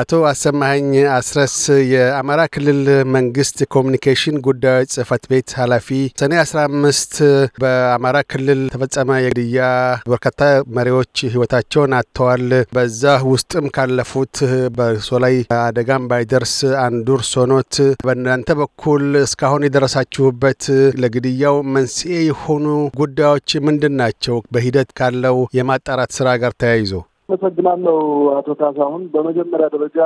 አቶ አሰማኸኝ አስረስ የአማራ ክልል መንግስት ኮሚኒኬሽን ጉዳዮች ጽህፈት ቤት ኃላፊ ሰኔ 15 በአማራ ክልል ተፈጸመ የግድያ በርካታ መሪዎች ህይወታቸውን አጥተዋል። በዛ ውስጥም ካለፉት በእርሶ ላይ አደጋም ባይደርስ አንዱ እርሶ ኖት። በእናንተ በኩል እስካሁን የደረሳችሁበት ለግድያው መንስኤ የሆኑ ጉዳዮች ምንድን ናቸው? በሂደት ካለው የማጣራት ስራ ጋር ተያይዞ አመሰግናለሁ አቶ ካሳሁን። በመጀመሪያ ደረጃ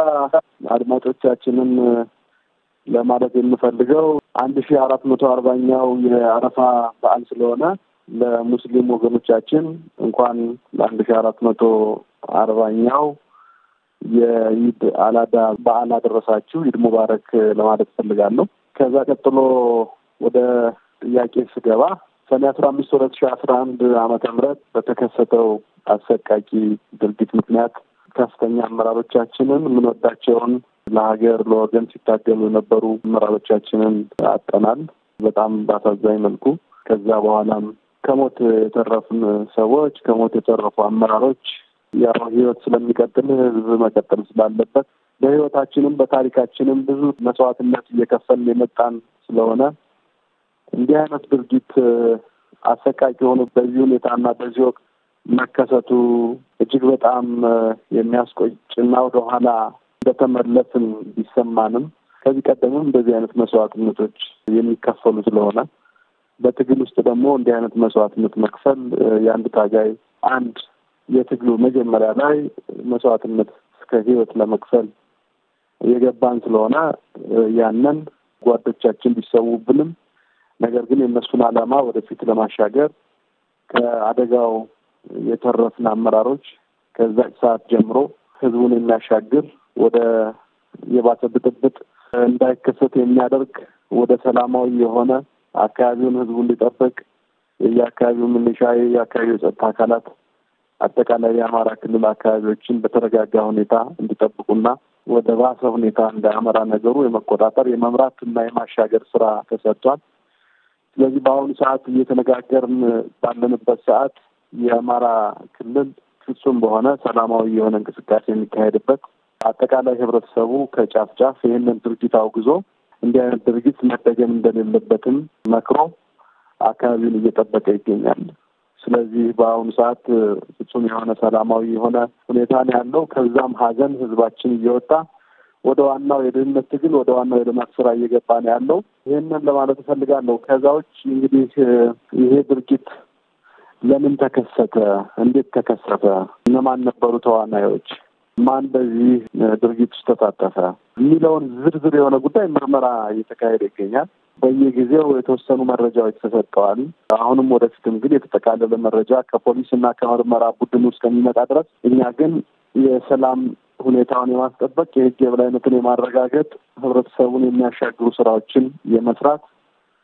አድማጮቻችንን ለማለት የምፈልገው አንድ ሺ አራት መቶ አርባኛው የአረፋ በዓል ስለሆነ ለሙስሊም ወገኖቻችን እንኳን ለአንድ ሺ አራት መቶ አርባኛው የኢድ አላዳ በዓል አደረሳችሁ ኢድ ሙባረክ ለማለት እፈልጋለሁ። ከዛ ቀጥሎ ወደ ጥያቄ ስገባ ሰኔ አስራ አምስት ሁለት ሺ አስራ አንድ አመተ ምህረት በተከሰተው አሰቃቂ ድርጊት ምክንያት ከፍተኛ አመራሮቻችንን የምንወዳቸውን ለሀገር ለወገን ሲታገሉ የነበሩ አመራሮቻችንን አጠናል። በጣም በአሳዛኝ መልኩ ከዛ በኋላም ከሞት የተረፍን ሰዎች ከሞት የተረፉ አመራሮች ያው ህይወት ስለሚቀጥል ህዝብ መቀጠል ስላለበት በህይወታችንም በታሪካችንም ብዙ መስዋዕትነት እየከፈልን የመጣን ስለሆነ እንዲህ አይነት ድርጊት አሰቃቂ የሆኑ በዚህ ሁኔታና በዚህ ወቅት መከሰቱ እጅግ በጣም የሚያስቆጭና ወደኋላ እንደተመለስን ቢሰማንም ከዚህ ቀደምም እንደዚህ አይነት መስዋዕትነቶች የሚከፈሉ ስለሆነ በትግል ውስጥ ደግሞ እንዲህ አይነት መስዋዕትነት መክፈል የአንድ ታጋይ አንድ የትግሉ መጀመሪያ ላይ መስዋዕትነት እስከ ህይወት ለመክፈል የገባን ስለሆነ ያንን ጓዶቻችን ቢሰውብንም ነገር ግን የእነሱን ዓላማ ወደፊት ለማሻገር ከአደጋው የተረፍን አመራሮች ከዛች ሰዓት ጀምሮ ህዝቡን የሚያሻግር ወደ የባሰ ብጥብጥ እንዳይከሰት የሚያደርግ ወደ ሰላማዊ የሆነ አካባቢውን ህዝቡ እንዲጠበቅ የየአካባቢው ምንሻ የአካባቢው የጸጥታ አካላት አጠቃላይ የአማራ ክልል አካባቢዎችን በተረጋጋ ሁኔታ እንዲጠብቁና ወደ ባሰ ሁኔታ እንዳያመራ ነገሩ የመቆጣጠር የመምራት እና የማሻገር ስራ ተሰጥቷል። ስለዚህ በአሁኑ ሰዓት እየተነጋገርን ባለንበት ሰዓት የአማራ ክልል ፍጹም በሆነ ሰላማዊ የሆነ እንቅስቃሴ የሚካሄድበት አጠቃላይ ህብረተሰቡ ከጫፍ ጫፍ ይህንን ድርጊት አውግዞ እንዲህ አይነት ድርጊት መደገም እንደሌለበትም መክሮ አካባቢውን እየጠበቀ ይገኛል። ስለዚህ በአሁኑ ሰዓት ፍጹም የሆነ ሰላማዊ የሆነ ሁኔታ ነው ያለው። ከዛም ሀዘን ህዝባችን እየወጣ ወደ ዋናው የድህነት ትግል ወደ ዋናው የልማት ስራ እየገባ ነው ያለው። ይህንን ለማለት እፈልጋለሁ። ከዛ እንግዲህ ይሄ ድርጊት ለምን ተከሰተ? እንዴት ተከሰተ? እነማን ነበሩ ተዋናዮች? ማን በዚህ ድርጊት ውስጥ ተሳተፈ? የሚለውን ዝርዝር የሆነ ጉዳይ ምርመራ እየተካሄደ ይገኛል። በየጊዜው የተወሰኑ መረጃዎች ተሰጠዋል። አሁንም ወደፊትም ግን የተጠቃለለ መረጃ ከፖሊስ እና ከምርመራ ቡድን እስከሚመጣ ድረስ እኛ ግን የሰላም ሁኔታውን የማስጠበቅ የሕግ የበላይነትን የማረጋገጥ ህብረተሰቡን የሚያሻግሩ ስራዎችን የመስራት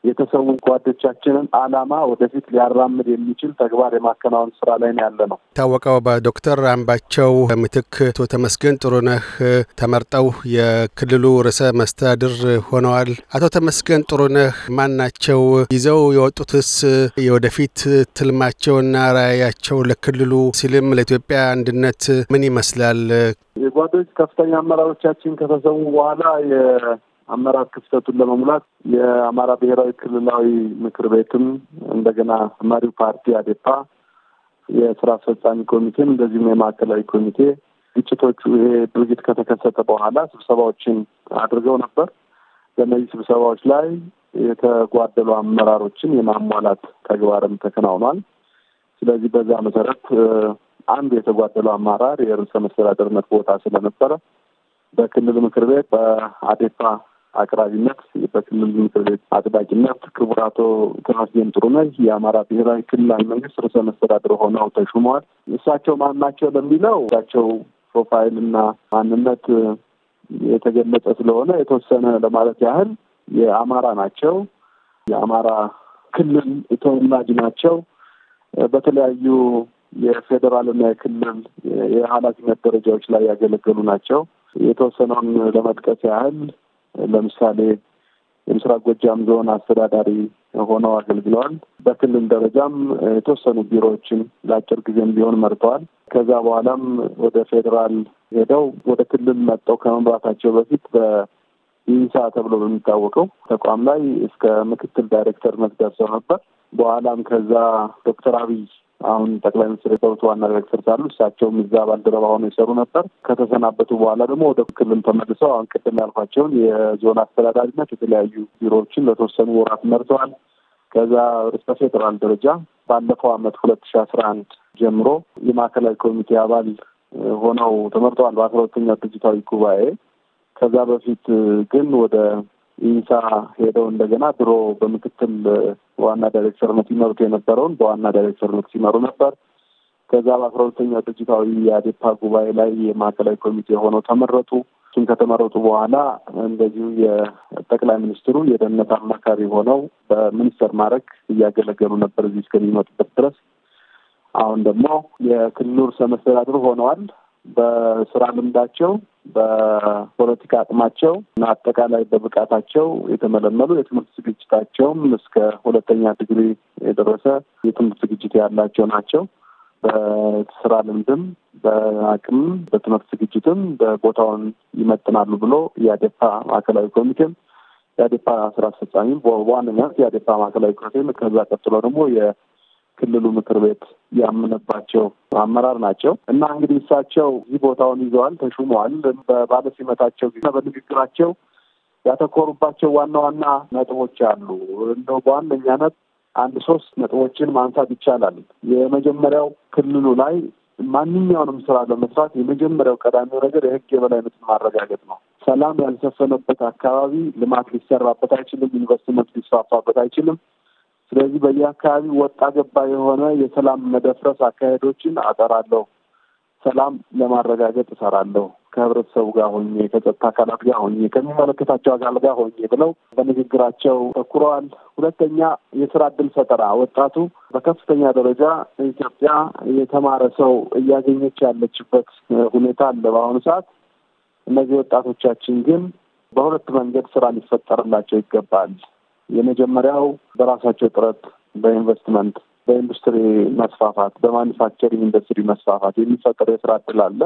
የተሰዉ ጓዶቻችንን አላማ ወደፊት ሊያራምድ የሚችል ተግባር የማከናወን ስራ ላይ ያለ ነው። ታወቀው በዶክተር አምባቸው ምትክ አቶ ተመስገን ጥሩነህ ተመርጠው የክልሉ ርዕሰ መስተዳድር ሆነዋል። አቶ ተመስገን ጥሩነህ ማን ናቸው? ይዘው የወጡትስ የወደፊት ትልማቸውና ራዕያቸው ለክልሉ ሲልም ለኢትዮጵያ አንድነት ምን ይመስላል? የጓዶች ከፍተኛ አመራሮቻችን ከተሰዉ በኋላ አመራር ክፍተቱን ለመሙላት የአማራ ብሔራዊ ክልላዊ ምክር ቤትም እንደገና መሪው ፓርቲ አዴፓ የስራ አስፈጻሚ ኮሚቴም እንደዚሁም የማዕከላዊ ኮሚቴ ግጭቶቹ ይሄ ድርጊት ከተከሰተ በኋላ ስብሰባዎችን አድርገው ነበር። በእነዚህ ስብሰባዎች ላይ የተጓደሉ አመራሮችን የማሟላት ተግባርም ተከናውኗል። ስለዚህ በዛ መሰረት አንድ የተጓደሉ አመራር የርዕሰ መስተዳደርነት ቦታ ስለነበረ በክልል ምክር ቤት በአዴፓ አቅራቢነት በክልል ምክር ቤት አጥባቂነት ክቡር አቶ ተመስገን ጥሩነህ የአማራ ብሔራዊ ክልላዊ መንግስት ርዕሰ መስተዳድር ሆነው ተሹመዋል። እሳቸው ማን ናቸው ለሚለው እሳቸው ፕሮፋይል እና ማንነት የተገለጸ ስለሆነ የተወሰነ ለማለት ያህል የአማራ ናቸው። የአማራ ክልል ተወላጅ ናቸው። በተለያዩ የፌዴራል እና የክልል የኃላፊነት ደረጃዎች ላይ ያገለገሉ ናቸው። የተወሰነውን ለመጥቀስ ያህል ለምሳሌ የምስራቅ ጎጃም ዞን አስተዳዳሪ ሆነው አገልግለዋል። በክልል ደረጃም የተወሰኑ ቢሮዎችን ለአጭር ጊዜም ቢሆን መርተዋል። ከዛ በኋላም ወደ ፌዴራል ሄደው ወደ ክልል መጠው ከመምራታቸው በፊት በኢንሳ ተብሎ በሚታወቀው ተቋም ላይ እስከ ምክትል ዳይሬክተር ደርሰው ነበር። በኋላም ከዛ ዶክተር አብይ አሁን ጠቅላይ ሚኒስትር የሰሩት ዋና ዲሬክተር ሳሉ እሳቸውም እዛ ባልደረባ ሆነው ይሰሩ ነበር። ከተሰናበቱ በኋላ ደግሞ ወደ ክልል ተመልሰው አሁን ቅድም ያልኳቸውን የዞን አስተዳዳሪነት የተለያዩ ቢሮዎችን ለተወሰኑ ወራት መርተዋል። ከዛ ርዕሰ ፌዴራል ደረጃ ባለፈው ዓመት ሁለት ሺ አስራ አንድ ጀምሮ የማዕከላዊ ኮሚቴ አባል ሆነው ተመርተዋል በአስራ ሁለተኛው ድርጅታዊ ጉባኤ። ከዛ በፊት ግን ወደ ኢንሳ ሄደው እንደገና ድሮ በምክትል በዋና ዳይሬክተርነት ይመሩት የነበረውን በዋና ዳይሬክተርነት ሲመሩ ነበር። ከዛ በአስራ ሁለተኛው ድርጅታዊ የአዴፓ ጉባኤ ላይ የማዕከላዊ ኮሚቴ ሆነው ተመረጡ። እሱን ከተመረጡ በኋላ እንደዚሁ የጠቅላይ ሚኒስትሩ የደህንነት አማካሪ ሆነው በሚኒስተር ማድረግ እያገለገሉ ነበር እዚህ እስከሚመጡበት ድረስ። አሁን ደግሞ የክልሉ ርዕሰ መስተዳድር ሆነዋል። በስራ ልምዳቸው፣ በፖለቲካ አቅማቸው እና አጠቃላይ በብቃታቸው የተመለመሉ የትምህርት ዝግጅታቸውም እስከ ሁለተኛ ዲግሪ የደረሰ የትምህርት ዝግጅት ያላቸው ናቸው። በስራ ልምድም በአቅም በትምህርት ዝግጅትም በቦታውን ይመጥናሉ ብሎ የአዴፓ ማዕከላዊ ኮሚቴም የአዴፓ ስራ አስፈጻሚም በዋነኛነት የአዴፓ ማዕከላዊ ኮሚቴም ከዛ ቀጥሎ ደግሞ ክልሉ ምክር ቤት ያምንባቸው አመራር ናቸው እና እንግዲህ እሳቸው እዚህ ቦታውን ይዘዋል፣ ተሹመዋል። በባለሲመታቸው ጊዜ በንግግራቸው ያተኮሩባቸው ዋና ዋና ነጥቦች አሉ። እንደው በዋነኛነት አንድ ሶስት ነጥቦችን ማንሳት ይቻላል። የመጀመሪያው ክልሉ ላይ ማንኛውንም ስራ ለመስራት የመጀመሪያው ቀዳሚው ነገር የሕግ የበላይነትን ማረጋገጥ ነው። ሰላም ያልሰፈነበት አካባቢ ልማት ሊሰራበት አይችልም። ኢንቨስትመንት ሊስፋፋበት አይችልም። ስለዚህ በየአካባቢ ወጣ ገባ የሆነ የሰላም መደፍረስ አካሄዶችን አጠራለሁ። ሰላም ለማረጋገጥ እሰራለሁ። ከህብረተሰቡ ጋር ሆኜ፣ ከጸጥታ አካላት ጋር ሆኜ፣ ከሚመለከታቸው አካል ጋር ሆኜ ብለው በንግግራቸው ተኩረዋል። ሁለተኛ የስራ እድል ፈጠራ፣ ወጣቱ በከፍተኛ ደረጃ ኢትዮጵያ የተማረ ሰው እያገኘች ያለችበት ሁኔታ አለ በአሁኑ ሰዓት። እነዚህ ወጣቶቻችን ግን በሁለት መንገድ ስራ ሊፈጠርላቸው ይገባል። የመጀመሪያው በራሳቸው ጥረት፣ በኢንቨስትመንት፣ በኢንዱስትሪ መስፋፋት፣ በማኒፋክቸሪንግ ኢንዱስትሪ መስፋፋት የሚፈጠሩ የስራ እድል አለ።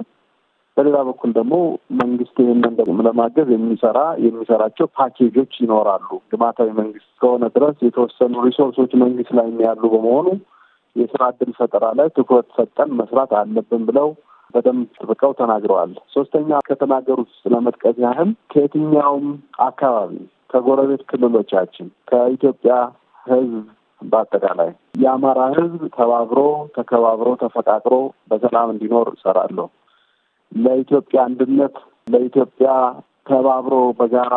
በሌላ በኩል ደግሞ መንግስት ይህንን ለማገዝ የሚሰራ የሚሰራቸው ፓኬጆች ይኖራሉ። ልማታዊ መንግስት ከሆነ ድረስ የተወሰኑ ሪሶርሶች መንግስት ላይ የሚያሉ በመሆኑ የስራ እድል ፈጠራ ላይ ትኩረት ሰጠን መስራት አለብን ብለው በደንብ ጥብቀው ተናግረዋል። ሶስተኛ ከተናገሩት ለመጥቀስ ያህል ከየትኛውም አካባቢ ከጎረቤት ክልሎቻችን ከኢትዮጵያ ህዝብ በአጠቃላይ የአማራ ህዝብ ተባብሮ ተከባብሮ ተፈቃቅሮ በሰላም እንዲኖር እሰራለሁ። ለኢትዮጵያ አንድነት፣ ለኢትዮጵያ ተባብሮ በጋራ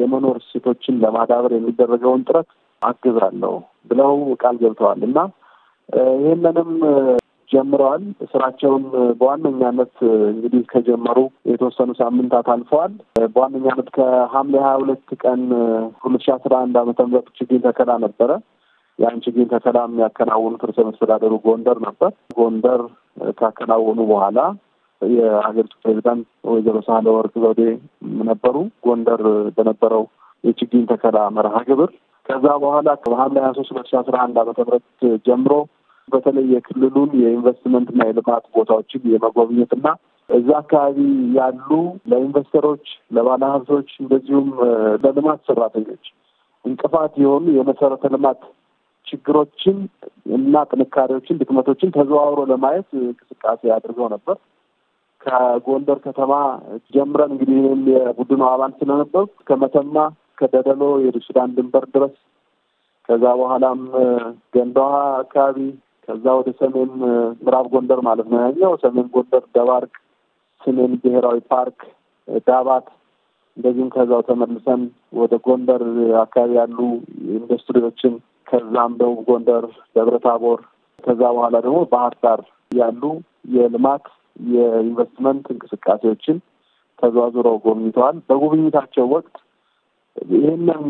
የመኖር እሴቶችን ለማዳበር የሚደረገውን ጥረት አግዛለሁ ብለው ቃል ገብተዋል እና ይህንንም ጀምረዋል። ስራቸውን በዋነኛነት እንግዲህ ከጀመሩ የተወሰኑ ሳምንታት አልፈዋል። በዋነኛነት ከሐምሌ ሀያ ሁለት ቀን ሁለት ሺ አስራ አንድ አመተ ምህረት ችግኝ ተከላ ነበረ። ያን ችግኝ ተከላ የሚያከናውኑት ርዕሰ መስተዳደሩ ጎንደር ነበር። ጎንደር ካከናወኑ በኋላ የሀገሪቱ ፕሬዚዳንት ወይዘሮ ሳህለወርቅ ዘውዴ ነበሩ። ጎንደር በነበረው የችግኝ ተከላ መርሃ ግብር ከዛ በኋላ ከሐምሌ ሀያ ሶስት ሁለት ሺ አስራ አንድ አመተ ምህረት ጀምሮ በተለይ የክልሉን የኢንቨስትመንትና የልማት ቦታዎችን የመጎብኘትና እዛ አካባቢ ያሉ ለኢንቨስተሮች፣ ለባለሀብቶች እንደዚሁም ለልማት ሰራተኞች እንቅፋት የሆኑ የመሰረተ ልማት ችግሮችን እና ጥንካሬዎችን፣ ድክመቶችን ተዘዋውሮ ለማየት እንቅስቃሴ አድርገው ነበር። ከጎንደር ከተማ ጀምረን እንግዲህ እኔም የቡድኑ አባል ስለነበር ከመተማ ከደደሎ የሱዳን ድንበር ድረስ ከዛ በኋላም ገንዳውሃ አካባቢ ከዛ ወደ ሰሜን ምዕራብ ጎንደር ማለት ነው ያኛው ሰሜን ጎንደር ደባርቅ፣ ሰሜን ብሔራዊ ፓርክ፣ ዳባት እንደዚሁም ከዛው ተመልሰን ወደ ጎንደር አካባቢ ያሉ ኢንዱስትሪዎችን ከዛም ደቡብ ጎንደር ደብረ ታቦር ከዛ በኋላ ደግሞ ባህር ዳር ያሉ የልማት የኢንቨስትመንት እንቅስቃሴዎችን ተዘዋዝረው ጎብኝተዋል። በጉብኝታቸው ወቅት ይህንን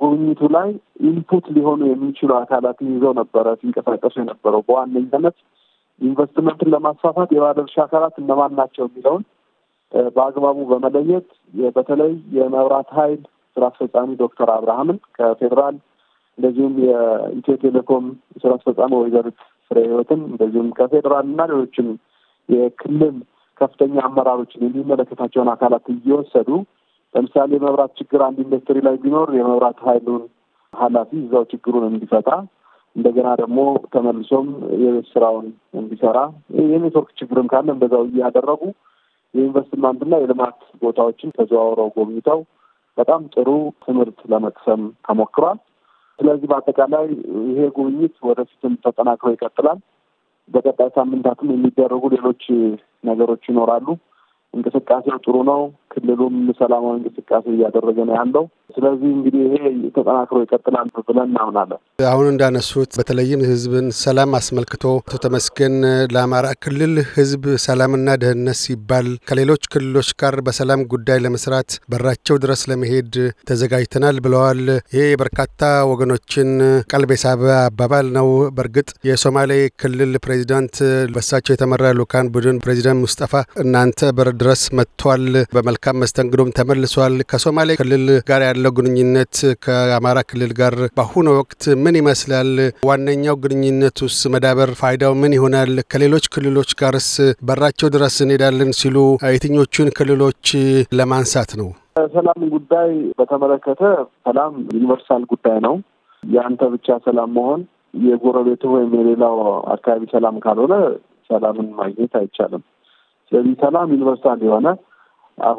ጉብኝቱ ላይ ኢንፑት ሊሆኑ የሚችሉ አካላትን ይዘው ነበረ ሲንቀሳቀሱ የነበረው። በዋነኝነት ኢንቨስትመንትን ለማስፋፋት የባለድርሻ አካላት እነማን ናቸው የሚለውን በአግባቡ በመለየት በተለይ የመብራት ኃይል ስራ አስፈጻሚ ዶክተር አብርሃምን ከፌዴራል እንደዚሁም የኢትዮ ቴሌኮም ስራ አስፈጻሚ ወይዘሪት ፍሬ ህይወትን እንደዚሁም ከፌዴራል እና ሌሎችም የክልል ከፍተኛ አመራሮችን የሚመለከታቸውን አካላት እየወሰዱ ለምሳሌ የመብራት ችግር አንድ ኢንዱስትሪ ላይ ቢኖር የመብራት ኃይሉን ኃላፊ እዛው ችግሩን እንዲፈታ እንደገና ደግሞ ተመልሶም የቤት ስራውን እንዲሰራ የኔትወርክ ችግርም ካለ በዛው እያደረጉ የኢንቨስትመንትና የልማት ቦታዎችን ተዘዋውረው ጎብኝተው በጣም ጥሩ ትምህርት ለመቅሰም ተሞክሯል። ስለዚህ በአጠቃላይ ይሄ ጉብኝት ወደፊትም ተጠናክሮ ይቀጥላል። በቀጣይ ሳምንታትም የሚደረጉ ሌሎች ነገሮች ይኖራሉ። እንቅስቃሴው ጥሩ ነው። ክልሉም ሰላማዊ እንቅስቃሴ እያደረገ ነው ያለው። ስለዚህ እንግዲህ ይሄ ተጠናክሮ ይቀጥላል ብለን እናምናለን። አሁን እንዳነሱት በተለይም ህዝብን ሰላም አስመልክቶ አቶ ተመስገን ለአማራ ክልል ህዝብ ሰላምና ደህንነት ሲባል ከሌሎች ክልሎች ጋር በሰላም ጉዳይ ለመስራት በራቸው ድረስ ለመሄድ ተዘጋጅተናል ብለዋል። ይሄ የበርካታ ወገኖችን ቀልብ የሳበ አባባል ነው። በእርግጥ የሶማሌ ክልል ፕሬዚዳንት በሳቸው የተመራ ልኡካን ቡድን ፕሬዚዳንት ሙስጠፋ እናንተ በር ድረስ መጥቷል በመልክ መልካም መስተንግዶም ተመልሷል። ከሶማሌ ክልል ጋር ያለው ግንኙነት ከአማራ ክልል ጋር በአሁኑ ወቅት ምን ይመስላል? ዋነኛው ግንኙነት ውስጥ መዳበር ፋይዳው ምን ይሆናል? ከሌሎች ክልሎች ጋርስ በራቸው ድረስ እንሄዳለን ሲሉ የትኞቹን ክልሎች ለማንሳት ነው? ሰላም ጉዳይ በተመለከተ ሰላም ዩኒቨርሳል ጉዳይ ነው። የአንተ ብቻ ሰላም መሆን የጎረቤቱ ወይም የሌላው አካባቢ ሰላም ካልሆነ ሰላምን ማግኘት አይቻልም። ስለዚህ ሰላም ዩኒቨርሳል የሆነ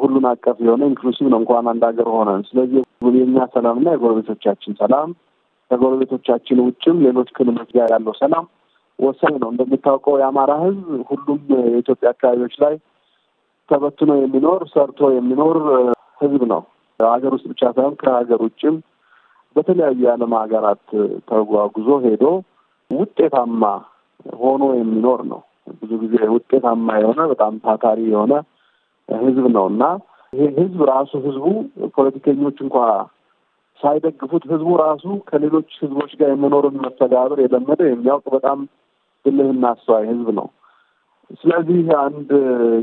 ሁሉን አቀፍ የሆነ ኢንክሉሲቭ ነው እንኳን አንድ ሀገር ሆነ። ስለዚህ የኛ ሰላምና የጎረቤቶቻችን ሰላም ከጎረቤቶቻችን ውጭም ሌሎች ክልሎች ጋር ያለው ሰላም ወሳኝ ነው። እንደሚታወቀው የአማራ ሕዝብ ሁሉም የኢትዮጵያ አካባቢዎች ላይ ተበትኖ የሚኖር ሰርቶ የሚኖር ሕዝብ ነው። ሀገር ውስጥ ብቻ ሳይሆን ከሀገር ውጭም በተለያዩ የዓለም ሀገራት ተጓጉዞ ሄዶ ውጤታማ ሆኖ የሚኖር ነው። ብዙ ጊዜ ውጤታማ የሆነ በጣም ታታሪ የሆነ ህዝብ ነው እና ይሄ ህዝብ ራሱ ህዝቡ ፖለቲከኞች እንኳ ሳይደግፉት ህዝቡ ራሱ ከሌሎች ህዝቦች ጋር የመኖርን መስተጋብር የለመደ የሚያውቅ በጣም ብልህና አስተዋይ ህዝብ ነው። ስለዚህ አንድ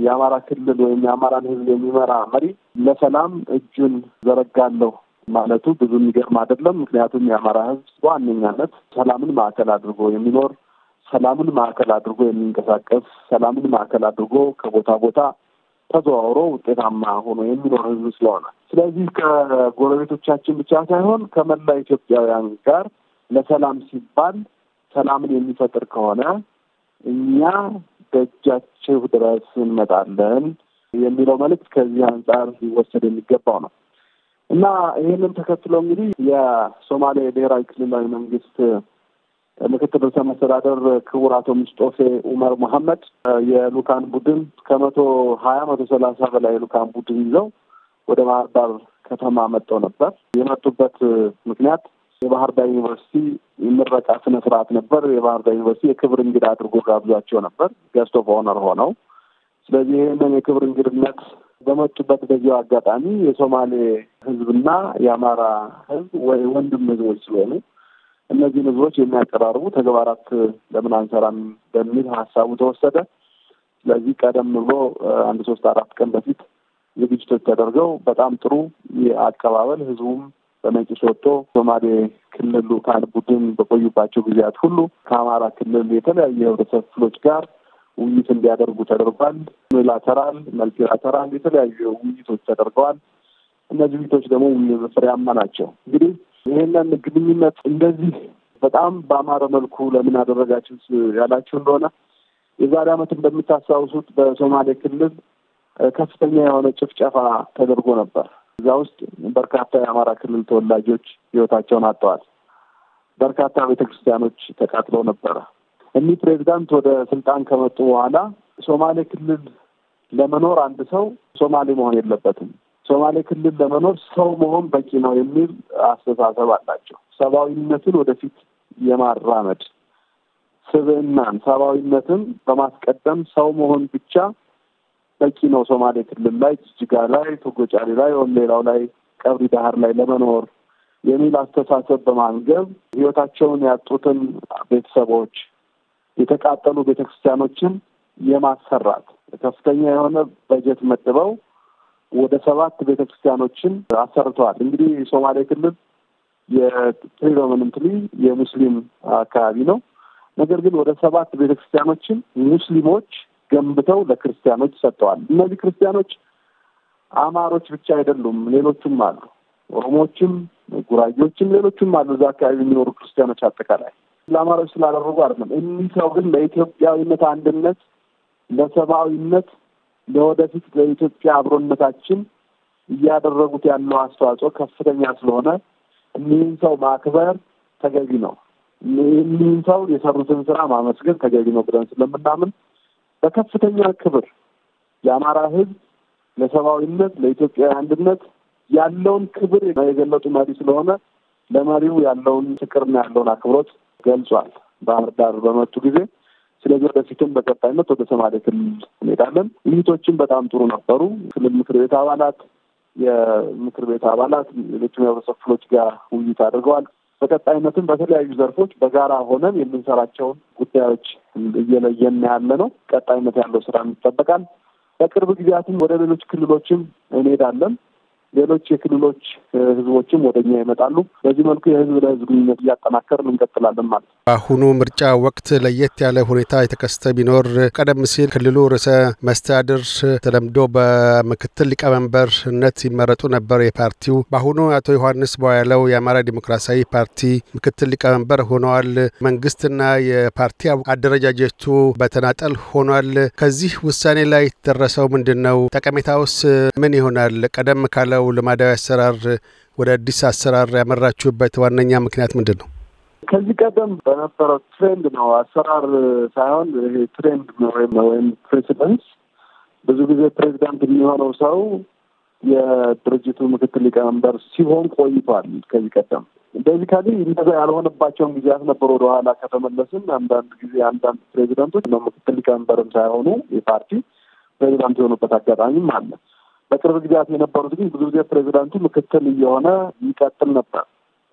የአማራ ክልል ወይም የአማራን ህዝብ የሚመራ መሪ ለሰላም እጁን ዘረጋለሁ ማለቱ ብዙ የሚገርም አይደለም። ምክንያቱም የአማራ ህዝብ በዋነኛነት ሰላምን ማዕከል አድርጎ የሚኖር ሰላምን ማዕከል አድርጎ የሚንቀሳቀስ ሰላምን ማዕከል አድርጎ ከቦታ ቦታ ተዘዋውሮ ውጤታማ ሆኖ የሚኖር ህዝብ ስለሆነ ስለዚህ ከጎረቤቶቻችን ብቻ ሳይሆን ከመላ ኢትዮጵያውያን ጋር ለሰላም ሲባል ሰላምን የሚፈጥር ከሆነ እኛ ደጃችሁ ድረስ እንመጣለን የሚለው መልእክት ከዚህ አንጻር ሊወሰድ የሚገባው ነው እና ይህንን ተከትሎ እንግዲህ የሶማሌ ብሔራዊ ክልላዊ መንግስት ምክትል ርዕሰ መስተዳደር ክቡር አቶ ምስጦፌ ኡመር መሐመድ የሉካን ቡድን ከመቶ ሀያ መቶ ሰላሳ በላይ የሉካን ቡድን ይዘው ወደ ባህር ዳር ከተማ መጥተው ነበር። የመጡበት ምክንያት የባህር ዳር ዩኒቨርሲቲ የምረቃ ስነ ስርዓት ነበር። የባህር ዳር ዩኒቨርሲቲ የክብር እንግዳ አድርጎ ጋብዟቸው ነበር። ገስት ኦፍ ኦነር ሆነው ስለዚህ ይህንን የክብር እንግድነት በመጡበት በዚያው አጋጣሚ የሶማሌ ህዝብና የአማራ ወይ ወንድም ህዝቦች ስለሆኑ እነዚህን ህዝቦች የሚያቀራርቡ ተግባራት ለምን አንሰራም በሚል ሀሳቡ ተወሰደ። ስለዚህ ቀደም ብሎ አንድ ሶስት አራት ቀን በፊት ዝግጅቶች ተደርገው በጣም ጥሩ አቀባበል ህዝቡም በነቂስ ወጥቶ ሶማሌ ክልል ልዑካን ቡድን በቆዩባቸው ጊዜያት ሁሉ ከአማራ ክልል የተለያዩ የህብረተሰብ ክፍሎች ጋር ውይይት እንዲያደርጉ ተደርጓል። ዩኒላተራል፣ መልቲላተራል የተለያዩ ውይይቶች ተደርገዋል። እነዚህ ውይይቶች ደግሞ ፍሬያማ ናቸው። እንግዲህ ይህንን ግንኙነት እንደዚህ በጣም በአማረ መልኩ ለምን አደረጋችሁ ያላችሁ እንደሆነ የዛሬ ዓመት እንደምታስታውሱት በሶማሌ ክልል ከፍተኛ የሆነ ጭፍጨፋ ተደርጎ ነበር። እዛ ውስጥ በርካታ የአማራ ክልል ተወላጆች ህይወታቸውን አጥተዋል። በርካታ ቤተክርስቲያኖች ተቃጥለው ነበረ። እኒህ ፕሬዚዳንት ወደ ስልጣን ከመጡ በኋላ ሶማሌ ክልል ለመኖር አንድ ሰው ሶማሌ መሆን የለበትም ሶማሌ ክልል ለመኖር ሰው መሆን በቂ ነው የሚል አስተሳሰብ አላቸው። ሰብአዊነትን ወደፊት የማራመድ ስብዕናን፣ ሰብአዊነትን በማስቀደም ሰው መሆን ብቻ በቂ ነው ሶማሌ ክልል ላይ፣ ጅጅጋ ላይ፣ ቶጎጫሌ ላይ፣ ወሌላው ላይ፣ ቀብሪ ዳህር ላይ ለመኖር የሚል አስተሳሰብ በማንገብ ህይወታቸውን ያጡትን ቤተሰቦች የተቃጠሉ ቤተክርስቲያኖችን የማሰራት ከፍተኛ የሆነ በጀት መድበው ወደ ሰባት ቤተክርስቲያኖችን አሰርተዋል። እንግዲህ የሶማሌ ክልል የፕሪዶሚነንትሊ የሙስሊም አካባቢ ነው። ነገር ግን ወደ ሰባት ቤተክርስቲያኖችን ሙስሊሞች ገንብተው ለክርስቲያኖች ሰጥተዋል። እነዚህ ክርስቲያኖች አማሮች ብቻ አይደሉም፣ ሌሎቹም አሉ። ኦሮሞዎችም፣ ጉራጌዎችም፣ ሌሎቹም አሉ። እዛ አካባቢ የሚኖሩ ክርስቲያኖች አጠቃላይ ለአማሮች ስላደረጉ አይደለም። እኒህ ሰው ግን ለኢትዮጵያዊነት አንድነት፣ ለሰብአዊነት ለወደፊት ለኢትዮጵያ አብሮነታችን እያደረጉት ያለው አስተዋጽኦ ከፍተኛ ስለሆነ እኒህን ሰው ማክበር ተገቢ ነው። እኒህን ሰው የሰሩትን ስራ ማመስገን ተገቢ ነው ብለን ስለምናምን በከፍተኛ ክብር የአማራ ሕዝብ ለሰብአዊነት፣ ለኢትዮጵያ አንድነት ያለውን ክብር የገለጡ መሪ ስለሆነ ለመሪው ያለውን ፍቅርና ያለውን አክብሮት ገልጿል። ባህር ዳር በመጡ ጊዜ ስለዚህ ወደፊትም በቀጣይነት ወደ ሶማሌ ክልል እንሄዳለን። ውይይቶችም በጣም ጥሩ ነበሩ። ክልል ምክር ቤት አባላት፣ የምክር ቤት አባላት ሌሎች የህብረተሰብ ክፍሎች ጋር ውይይት አድርገዋል። በቀጣይነትም በተለያዩ ዘርፎች በጋራ ሆነን የምንሰራቸውን ጉዳዮች እየለየን ያለ ነው። ቀጣይነት ያለው ስራ ይጠበቃል። በቅርብ ጊዜያትም ወደ ሌሎች ክልሎችም እንሄዳለን። ሌሎች የክልሎች ህዝቦችም ወደ እኛ ይመጣሉ። በዚህ መልኩ የህዝብ ለህዝብ ግንኙነት እያጠናከርን እንቀጥላለን ማለት ነው። በአሁኑ ምርጫ ወቅት ለየት ያለ ሁኔታ የተከሰተ ቢኖር ቀደም ሲል ክልሉ ርዕሰ መስተዳድር ተለምዶ በምክትል ሊቀመንበርነት ይመረጡ ነበር የፓርቲው በአሁኑ አቶ ዮሐንስ ቧያለው የአማራ ዲሞክራሲያዊ ፓርቲ ምክትል ሊቀመንበር ሆነዋል። መንግስትና የፓርቲ አደረጃጀቱ በተናጠል ሆኗል። ከዚህ ውሳኔ ላይ የተደረሰው ምንድን ነው? ጠቀሜታውስ ምን ይሆናል? ቀደም ካለ ከነበረው ልማዳዊ አሰራር ወደ አዲስ አሰራር ያመራችሁበት ዋነኛ ምክንያት ምንድን ነው? ከዚህ ቀደም በነበረው ትሬንድ ነው አሰራር ሳይሆን ይሄ ትሬንድ ወይም ፕሬሲደንስ ብዙ ጊዜ ፕሬዚዳንት የሚሆነው ሰው የድርጅቱ ምክትል ሊቀመንበር ሲሆን ቆይቷል። ከዚህ ቀደም ቤዚካሊ እንደዛ ያልሆነባቸውን ጊዜያት ነበር። ወደኋላ ከተመለስን አንዳንድ ጊዜ አንዳንድ ፕሬዚዳንቶች ምክትል ሊቀመንበርም ሳይሆኑ የፓርቲ ፕሬዚዳንት የሆኑበት አጋጣሚም አለ። በቅርብ ጊዜያት የነበሩት ግን ብዙ ጊዜ ፕሬዚዳንቱ ምክትል እየሆነ ይቀጥል ነበር።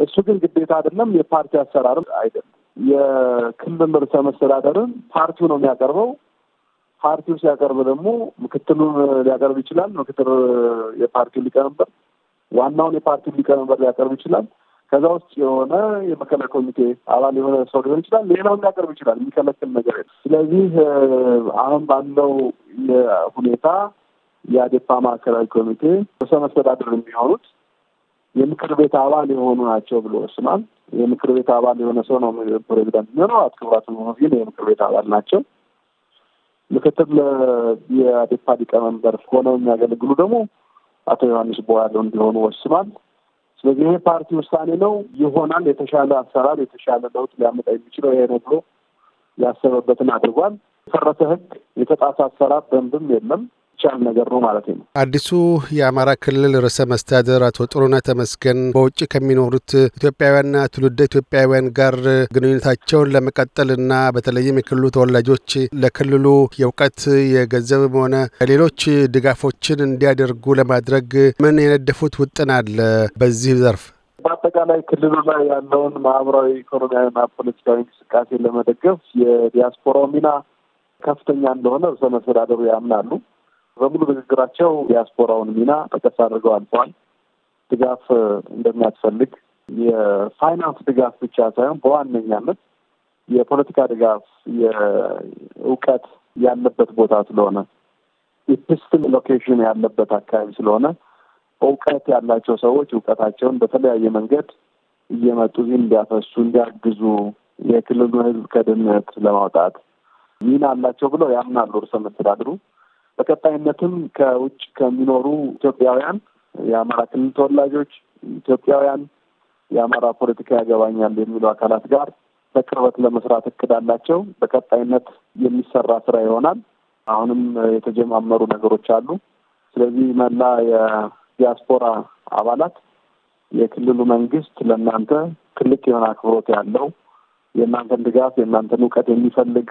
እሱ ግን ግዴታ አይደለም፣ የፓርቲ አሰራርም አይደለም። የክልል ርዕሰ መስተዳደርን ፓርቲው ነው የሚያቀርበው። ፓርቲው ሲያቀርብ ደግሞ ምክትሉን ሊያቀርብ ይችላል። ምክትል የፓርቲው ሊቀመንበር ዋናውን የፓርቲውን ሊቀመንበር ሊያቀርብ ይችላል። ከዛ ውስጥ የሆነ የማዕከላዊ ኮሚቴ አባል የሆነ ሰው ሊሆን ይችላል። ሌላውን ሊያቀርብ ይችላል። የሚከለክል ነገር የለም። ስለዚህ አሁን ባለው ሁኔታ የአዴፓ ማዕከላዊ ኮሚቴ ርዕሰ መስተዳድር የሚሆኑት የምክር ቤት አባል የሆኑ ናቸው ብሎ ወስኗል። የምክር ቤት አባል የሆነ ሰው ነው ፕሬዚዳንት የሚሆነው። አቶ ክቡራት ግን የምክር ቤት አባል ናቸው። ምክትል የአዴፓ ሊቀመንበር ሆነው የሚያገለግሉ ደግሞ አቶ ዮሐንስ ቦያለው እንዲሆኑ ወስኗል። ስለዚህ ይሄ ፓርቲ ውሳኔ ነው ይሆናል። የተሻለ አሰራር፣ የተሻለ ለውጥ ሊያመጣ የሚችለው ይሄ ነው ብሎ ያሰበበትን አድርጓል። የፈረሰ ህግ የተጣሰ አሰራር፣ ደንብም የለም። የሚቻል ነገር ነው ማለት ነው። አዲሱ የአማራ ክልል ርዕሰ መስተዳደር አቶ ጥሩነ ተመስገን በውጭ ከሚኖሩት ኢትዮጵያውያንና ትውልደ ኢትዮጵያውያን ጋር ግንኙነታቸውን ለመቀጠልና በተለይም የክልሉ ተወላጆች ለክልሉ የእውቀት የገንዘብም ሆነ ሌሎች ድጋፎችን እንዲያደርጉ ለማድረግ ምን የነደፉት ውጥን አለ? በዚህ ዘርፍ በአጠቃላይ ክልሉ ላይ ያለውን ማህበራዊ፣ ኢኮኖሚያዊና ፖለቲካዊ እንቅስቃሴ ለመደገፍ የዲያስፖራው ሚና ከፍተኛ እንደሆነ ርዕሰ መስተዳደሩ ያምናሉ። በሙሉ ንግግራቸው ዲያስፖራውን ሚና ጠቀስ አድርገው አልፈዋል። ድጋፍ እንደሚያስፈልግ የፋይናንስ ድጋፍ ብቻ ሳይሆን በዋነኛነት የፖለቲካ ድጋፍ፣ የእውቀት ያለበት ቦታ ስለሆነ የፒስትል ሎኬሽን ያለበት አካባቢ ስለሆነ እውቀት ያላቸው ሰዎች እውቀታቸውን በተለያየ መንገድ እየመጡ እዚህ እንዲያፈሱ እንዲያግዙ የክልሉ ሕዝብ ከድህነት ለማውጣት ሚና አላቸው ብለው ያምናሉ እርሰ መስተዳድሩ። በቀጣይነትም ከውጭ ከሚኖሩ ኢትዮጵያውያን የአማራ ክልል ተወላጆች ኢትዮጵያውያን የአማራ ፖለቲካ ያገባኛል የሚሉ አካላት ጋር በቅርበት ለመስራት እቅድ አላቸው። በቀጣይነት የሚሰራ ስራ ይሆናል። አሁንም የተጀማመሩ ነገሮች አሉ። ስለዚህ መላ የዲያስፖራ አባላት የክልሉ መንግስት ለእናንተ ትልቅ የሆነ አክብሮት ያለው የእናንተን ድጋፍ የእናንተን እውቀት የሚፈልግ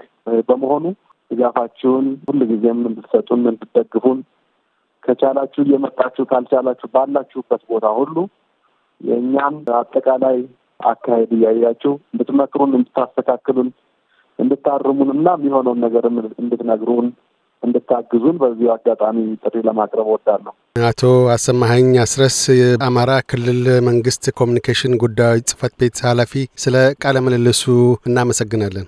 በመሆኑ ድጋፋችሁን ጊዜም እንድትሰጡን እንድትደግፉን ከቻላችሁ እየመጣችሁ ካልቻላችሁ ባላችሁበት ቦታ ሁሉ የእኛም አጠቃላይ አካሄድ እያያችሁ እንድትመክሩን፣ እንድታስተካክሉን፣ እንድታርሙን እና የሚሆነውን ነገር እንድትነግሩን እንድታግዙን በዚሁ አጋጣሚ ጥሪ ለማቅረብ ወዳለሁ። አቶ አሰማሀኝ አስረስ የአማራ ክልል መንግስት ኮሚኒኬሽን ጉዳዮች ጽህፈት ቤት ኃላፊ፣ ስለ ቃለ ምልልሱ እናመሰግናለን።